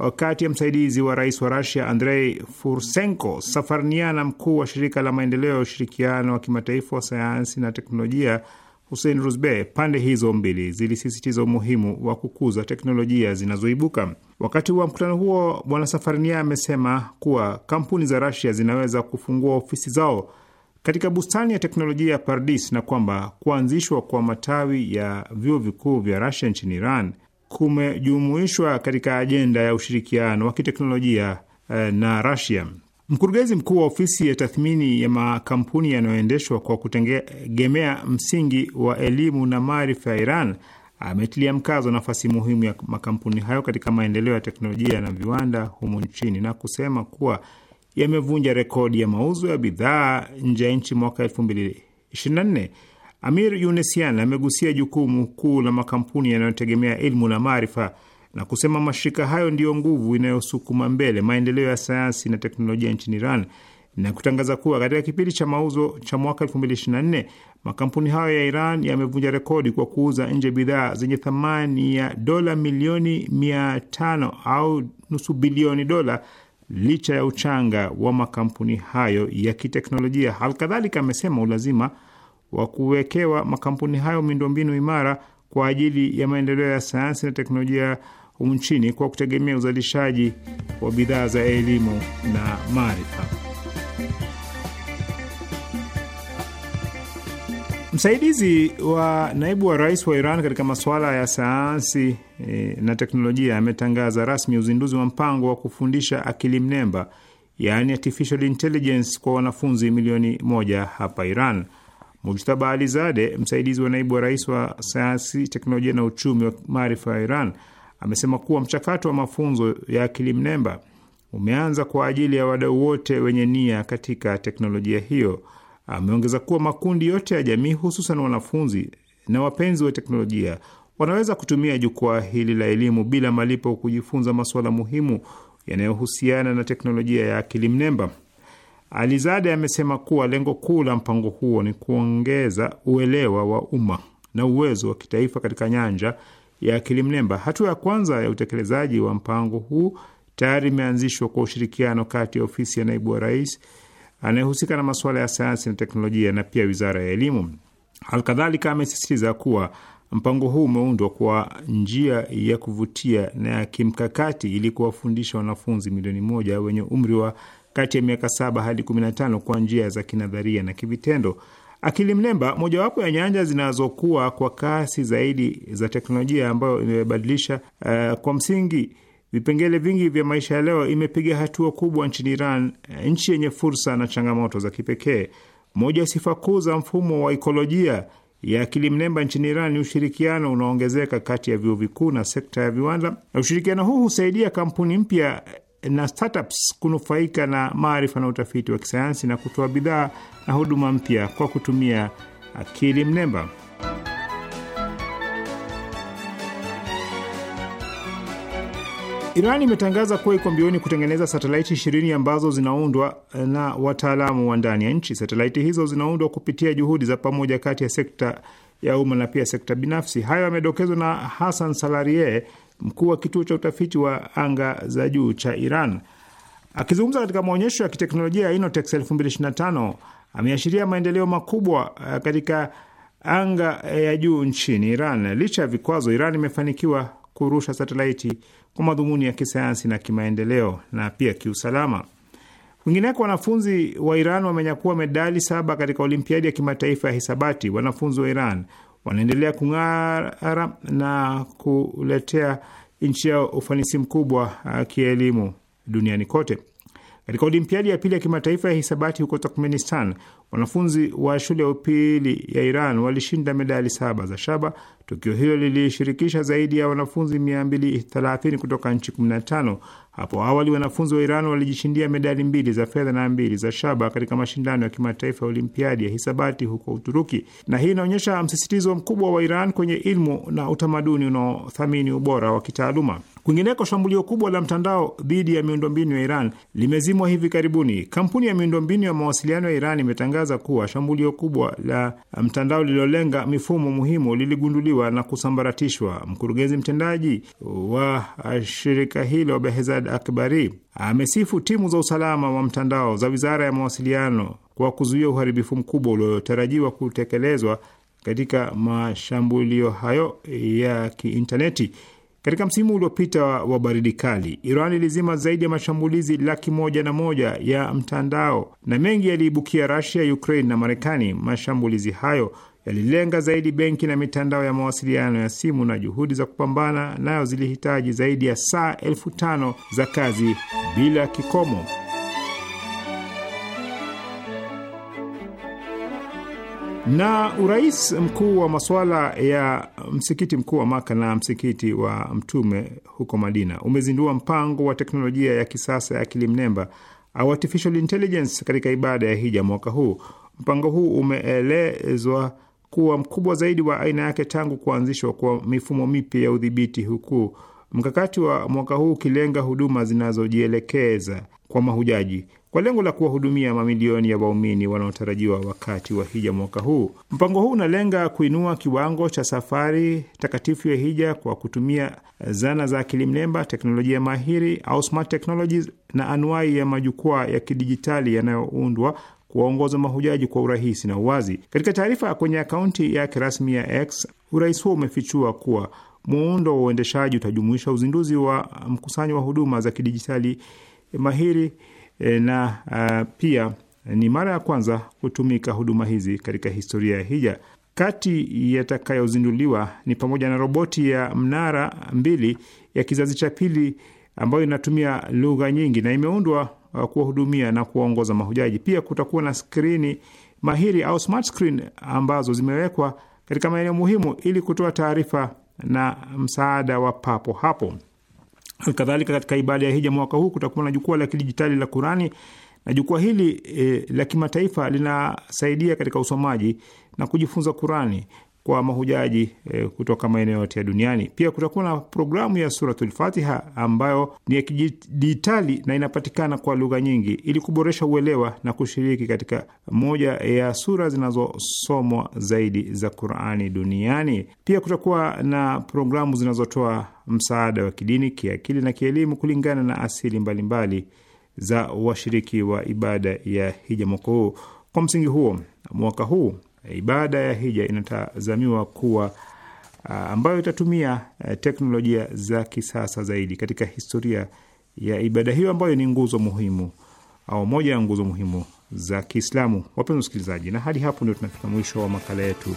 uh, kati ya msaidizi wa rais wa Rusia Andrei Fursenko Safarnia na mkuu wa shirika la maendeleo ya ushirikiano wa kimataifa wa sayansi na teknolojia Hussein Ruzbe, pande hizo mbili zilisisitiza umuhimu wa kukuza teknolojia zinazoibuka. Wakati wa mkutano huo, Bwana Safarinia amesema kuwa kampuni za Rasia zinaweza kufungua ofisi zao katika bustani ya teknolojia ya Pardis na kwamba kuanzishwa kwa matawi ya vyuo vikuu vya Rasia nchini Iran kumejumuishwa katika ajenda ya ushirikiano wa kiteknolojia eh, na Rasia. Mkurugenzi mkuu wa ofisi ya tathmini ya makampuni yanayoendeshwa kwa kutegemea msingi wa elimu na maarifa ya Iran ametilia mkazo nafasi muhimu ya makampuni hayo katika maendeleo ya teknolojia na viwanda humu nchini na kusema kuwa yamevunja rekodi ya mauzo ya bidhaa nje ya nchi mwaka 2024. Amir unesian amegusia jukumu kuu la makampuni yanayotegemea elimu na maarifa na kusema mashirika hayo ndiyo nguvu inayosukuma mbele maendeleo ya sayansi na teknolojia nchini Iran na kutangaza kuwa katika kipindi cha mauzo cha mwaka 2024 makampuni hayo ya Iran yamevunja rekodi kwa kuuza nje bidhaa zenye thamani ya dola milioni 500 au nusu bilioni dola licha ya uchanga wa makampuni hayo ya kiteknolojia. Halikadhalika, amesema ulazima wa kuwekewa makampuni hayo miundombinu imara kwa ajili ya maendeleo ya sayansi na teknolojia nchini kwa kutegemea uzalishaji wa bidhaa za elimu na maarifa. Msaidizi wa naibu wa rais wa Iran katika masuala ya sayansi e, na teknolojia ametangaza rasmi uzinduzi wa mpango wa kufundisha akili mnemba, yaani artificial intelligence, kwa wanafunzi milioni moja hapa Iran. Mujtaba Alizade, msaidizi wa naibu wa rais wa sayansi, teknolojia na uchumi wa maarifa ya Iran, amesema kuwa mchakato wa mafunzo ya akili mnemba umeanza kwa ajili ya wadau wote wenye nia katika teknolojia hiyo. Ameongeza kuwa makundi yote ya jamii, hususan wanafunzi na wapenzi wa teknolojia, wanaweza kutumia jukwaa hili la elimu bila malipo kujifunza masuala muhimu yanayohusiana na teknolojia ya akili mnemba. Alizade amesema kuwa lengo kuu la mpango huo ni kuongeza uelewa wa umma na uwezo wa kitaifa katika nyanja ya akili mnemba. Hatua ya kwanza ya utekelezaji wa mpango huu tayari imeanzishwa kwa ushirikiano kati ya ofisi ya naibu wa rais anayehusika na masuala ya sayansi na teknolojia na pia wizara ya elimu. Halkadhalika, amesisitiza kuwa mpango huu umeundwa kwa njia ya kuvutia na ya kimkakati ili kuwafundisha wanafunzi milioni moja wenye umri wa kati ya miaka saba hadi kumi na tano kwa njia za kinadharia na kivitendo. Akili mnemba, mojawapo ya nyanja zinazokuwa kwa kasi zaidi za teknolojia ambayo imebadilisha uh, kwa msingi vipengele vingi vya maisha ya leo, imepiga hatua kubwa nchini Iran, eh, nchi yenye fursa na changamoto za kipekee. Moja ya sifa kuu za mfumo wa ikolojia ya akili mnemba nchini Iran ni ushirikiano unaoongezeka kati ya vyuo vikuu na sekta ya viwanda, na ushirikiano huu husaidia kampuni mpya na startups kunufaika na maarifa na utafiti wa kisayansi na kutoa bidhaa na huduma mpya kwa kutumia akili mnemba. Iran imetangaza kuwa iko mbioni kutengeneza satelaiti ishirini ambazo zinaundwa eh, na wataalamu wa ndani ya nchi. Satelaiti hizo zinaundwa kupitia juhudi za pamoja kati ya sekta ya umma na pia sekta binafsi. Hayo yamedokezwa na Hassan Salarie, mkuu wa kituo cha utafiti wa anga za juu cha Iran. Akizungumza katika maonyesho ya kiteknolojia ya Inotex 2025 ameashiria maendeleo makubwa eh, katika anga eh, ya juu nchini Iran. Licha ya vikwazo, Iran imefanikiwa kurusha satelaiti kwa madhumuni ya kisayansi na kimaendeleo na pia kiusalama. Kwingineko, wanafunzi wa Iran wamenyakua medali saba katika Olimpiadi ya kimataifa ya hisabati. Wanafunzi wa Iran wanaendelea kung'ara na kuletea nchi yao ufanisi mkubwa uh, kielimu duniani kote. Katika olimpiadi ya pili ya kimataifa ya hisabati huko Turkmenistan, wanafunzi wa shule ya upili ya Iran walishinda medali saba za shaba Tukio hilo lilishirikisha zaidi ya wanafunzi 230 kutoka nchi 15. Hapo awali wanafunzi wa Iran walijishindia medali mbili za fedha na mbili za shaba katika mashindano ya kimataifa ya Olimpiadi ya hisabati huko Uturuki, na hii inaonyesha msisitizo mkubwa wa Iran kwenye ilmu na utamaduni unaothamini ubora wa kitaaluma. Kwingineko, shambulio kubwa la mtandao dhidi ya miundombinu ya Iran limezimwa hivi karibuni. Kampuni ya miundombinu ya mawasiliano ya Iran imetangaza kuwa shambulio kubwa la mtandao lililolenga mifumo muhimu liligunduliwa kuzuiwa na kusambaratishwa. Mkurugenzi mtendaji wa shirika hilo Behzad Akbari amesifu timu za usalama wa mtandao za wizara ya mawasiliano kwa kuzuia uharibifu mkubwa uliotarajiwa kutekelezwa katika mashambulio hayo ya kiintaneti. Katika msimu uliopita wa baridi kali, Iran ilizima zaidi ya mashambulizi laki moja na moja ya mtandao na mengi yaliibukia Rasia, Ukraine na Marekani. Mashambulizi hayo yalilenga zaidi benki na mitandao ya mawasiliano ya simu, na juhudi za kupambana nayo zilihitaji zaidi ya saa elfu tano za kazi bila kikomo. na urais mkuu wa masuala ya msikiti mkuu wa Maka na msikiti wa Mtume huko Madina umezindua mpango wa teknolojia ya kisasa ya akili mnemba artificial intelligence katika ibada ya hija mwaka huu. Mpango huu umeelezwa kuwa mkubwa zaidi wa aina yake tangu kuanzishwa kwa mifumo mipya ya udhibiti, huku mkakati wa mwaka huu ukilenga huduma zinazojielekeza kwa mahujaji kwa lengo la kuwahudumia mamilioni ya waumini wanaotarajiwa wakati wa hija mwaka huu. Mpango huu unalenga kuinua kiwango cha safari takatifu ya hija kwa kutumia zana za akili mnemba, teknolojia mahiri au smart technologies na anuai ya majukwaa ya kidijitali yanayoundwa kuwaongoza mahujaji kwa urahisi na uwazi. Katika taarifa kwenye akaunti yake rasmi ya X, urais huo umefichua kuwa muundo wa uendeshaji utajumuisha uzinduzi wa mkusanyo wa huduma za kidijitali mahiri eh, na uh, pia ni mara ya kwanza kutumika huduma hizi katika historia ya hija. Kati yatakayozinduliwa ni pamoja na roboti ya mnara mbili ya kizazi cha pili ambayo inatumia lugha nyingi na imeundwa Uh, kuwahudumia na kuwaongoza mahujaji. Pia kutakuwa na skrini mahiri au smart screen ambazo zimewekwa katika maeneo muhimu ili kutoa taarifa na msaada wa papo hapo. Kadhalika, katika ibada ya hija mwaka huu kutakuwa na jukwaa la kidijitali la Kurani na jukwaa hili e, la kimataifa linasaidia katika usomaji na kujifunza Kurani kwa mahujaji e, kutoka maeneo yote ya duniani. Pia kutakuwa na programu ya Suratul Fatiha ambayo ni ya kidijitali na inapatikana kwa lugha nyingi ili kuboresha uelewa na kushiriki katika moja ya sura zinazosomwa zaidi za Qurani duniani. Pia kutakuwa na programu zinazotoa msaada wa kidini, kiakili na kielimu kulingana na asili mbalimbali mbali za washiriki wa ibada ya hija mwaka huu. Kwa msingi huo mwaka huu ibada ya hija inatazamiwa kuwa uh, ambayo itatumia uh, teknolojia za kisasa zaidi katika historia ya ibada hiyo ambayo ni nguzo muhimu au moja ya nguzo muhimu za Kiislamu. Wapenzi wasikilizaji, na hadi hapo ndio tunafika mwisho wa makala yetu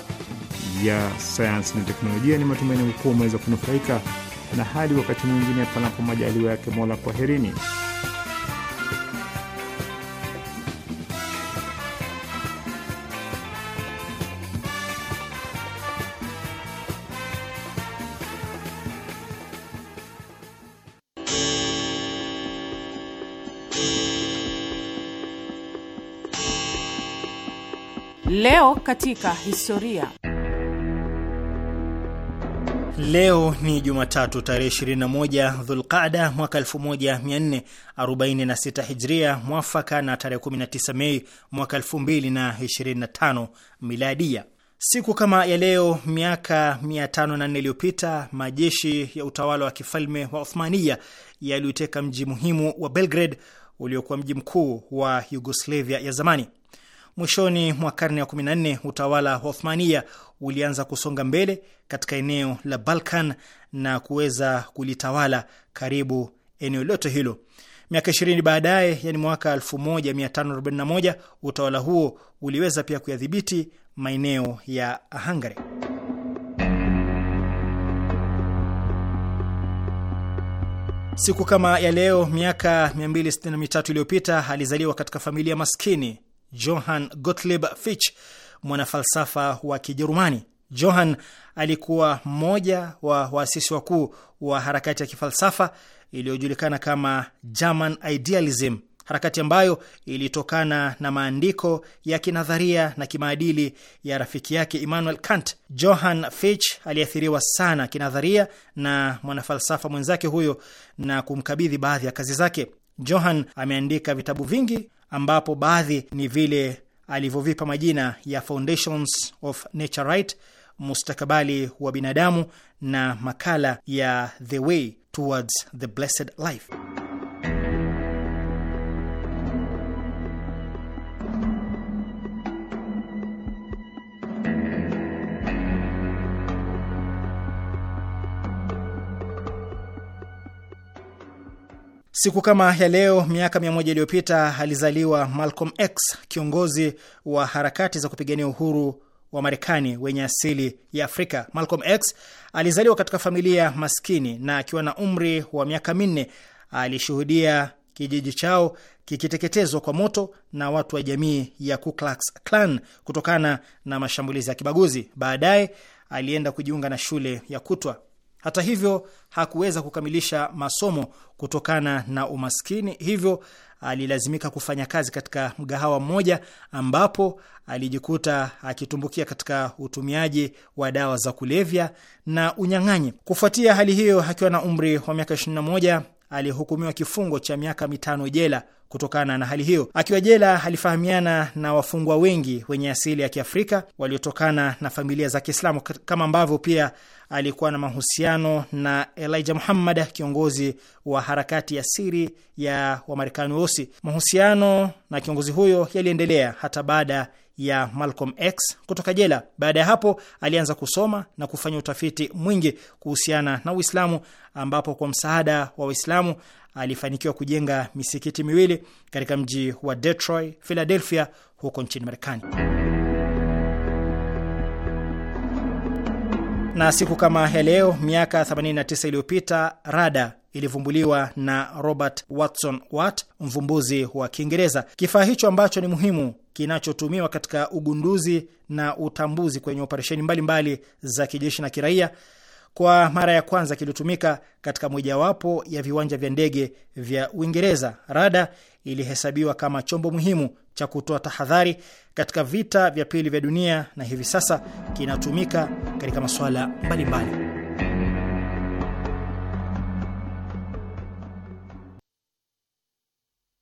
ya sayansi na teknolojia. Ni matumaini mkuu umeweza kunufaika, na hadi wakati mwingine, panapo majaliwa yake Mola, kwaherini. Leo katika historia. Leo ni Jumatatu tarehe 21 Dhulqada mwaka 1446 Hijria, mwafaka na tarehe 19 Mei mwaka 2025 Miladia. Siku kama ya leo miaka 504 iliyopita majeshi ya utawala wa kifalme wa Othmania yaliyoteka mji muhimu wa Belgrade uliokuwa mji mkuu wa Yugoslavia ya zamani. Mwishoni mwa karne ya 14 utawala wa Othmania ulianza kusonga mbele katika eneo la Balkan na kuweza kulitawala karibu eneo lote hilo. Miaka 20 baadaye, yani mwaka 1541, utawala huo uliweza pia kuyadhibiti maeneo ya Hungary. Siku kama ya leo miaka 263 iliyopita alizaliwa katika familia maskini Johann Gottlieb Fichte, mwanafalsafa wa Kijerumani. Johann alikuwa mmoja wa waasisi wakuu wa harakati ya kifalsafa iliyojulikana kama German Idealism, harakati ambayo ilitokana na maandiko ya kinadharia na kimaadili ya rafiki yake Immanuel Kant. Johann Fichte aliathiriwa sana kinadharia na mwanafalsafa mwenzake huyo na kumkabidhi baadhi ya kazi zake. Johann ameandika vitabu vingi ambapo baadhi ni vile alivyovipa majina ya Foundations of nature Right, mustakabali wa binadamu na makala ya The Way Towards the Blessed Life. Siku kama ya leo miaka mia moja iliyopita alizaliwa Malcolm X, kiongozi wa harakati za kupigania uhuru wa Marekani wenye asili ya Afrika. Malcolm X alizaliwa katika familia maskini na akiwa na umri wa miaka minne alishuhudia kijiji chao kikiteketezwa kwa moto na watu wa jamii ya Ku Klux Klan kutokana na mashambulizi ya kibaguzi. Baadaye alienda kujiunga na shule ya kutwa. Hata hivyo hakuweza kukamilisha masomo kutokana na umaskini, hivyo alilazimika kufanya kazi katika mgahawa mmoja ambapo alijikuta akitumbukia katika utumiaji wa dawa za kulevya na unyang'anyi. Kufuatia hali hiyo, akiwa na umri wa miaka 21 aliyehukumiwa kifungo cha miaka mitano jela kutokana na hali hiyo. Akiwa jela, alifahamiana na wafungwa wengi wenye asili ya Kiafrika waliotokana na familia za Kiislamu, kama ambavyo pia alikuwa na mahusiano na Elijah Muhammad, kiongozi wa harakati ya siri ya Wamarekani weusi. Mahusiano na kiongozi huyo yaliendelea hata baada ya Malcolm X kutoka jela. Baada ya hapo, alianza kusoma na kufanya utafiti mwingi kuhusiana na Uislamu, ambapo kwa msaada wa Waislamu alifanikiwa kujenga misikiti miwili katika mji wa Detroit, Philadelphia huko nchini Marekani. Na siku kama ya leo miaka 89 iliyopita rada ilivumbuliwa na Robert Watson Watt, mvumbuzi wa Kiingereza. Kifaa hicho ambacho ni muhimu kinachotumiwa katika ugunduzi na utambuzi kwenye operesheni mbalimbali za kijeshi na kiraia kwa mara ya kwanza kilitumika katika mojawapo ya viwanja vya ndege vya Uingereza. Rada ilihesabiwa kama chombo muhimu cha kutoa tahadhari katika vita vya pili vya dunia na hivi sasa kinatumika katika masuala mbalimbali.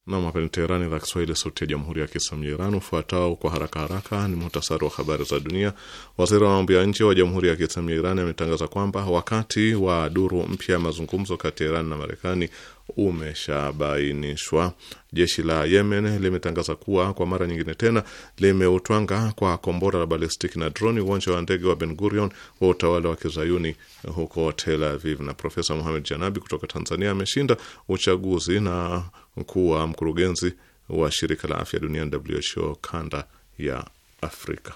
Nam, hapa ni Teherani, idhaa Kiswahili, sauti ya jamhuri ya kiislamu ya Iran. Ufuatao kwa haraka haraka ni muhtasari wa habari za dunia. Waziri wa mambo ya nje wa jamhuri ya kiislamu ya Iran ametangaza kwamba wakati wa duru mpya ya mazungumzo kati ya Iran na Marekani umeshabainishwa. Jeshi la Yemen limetangaza kuwa kwa mara nyingine tena limeutwanga kwa kombora la balistik na droni uwanja wa ndege wa Ben Gurion wa utawala wa kizayuni huko Tel Aviv. Na Profesa Muhamed Janabi kutoka Tanzania ameshinda uchaguzi na mkuu wa mkurugenzi wa shirika la afya duniani WHO kanda ya Afrika.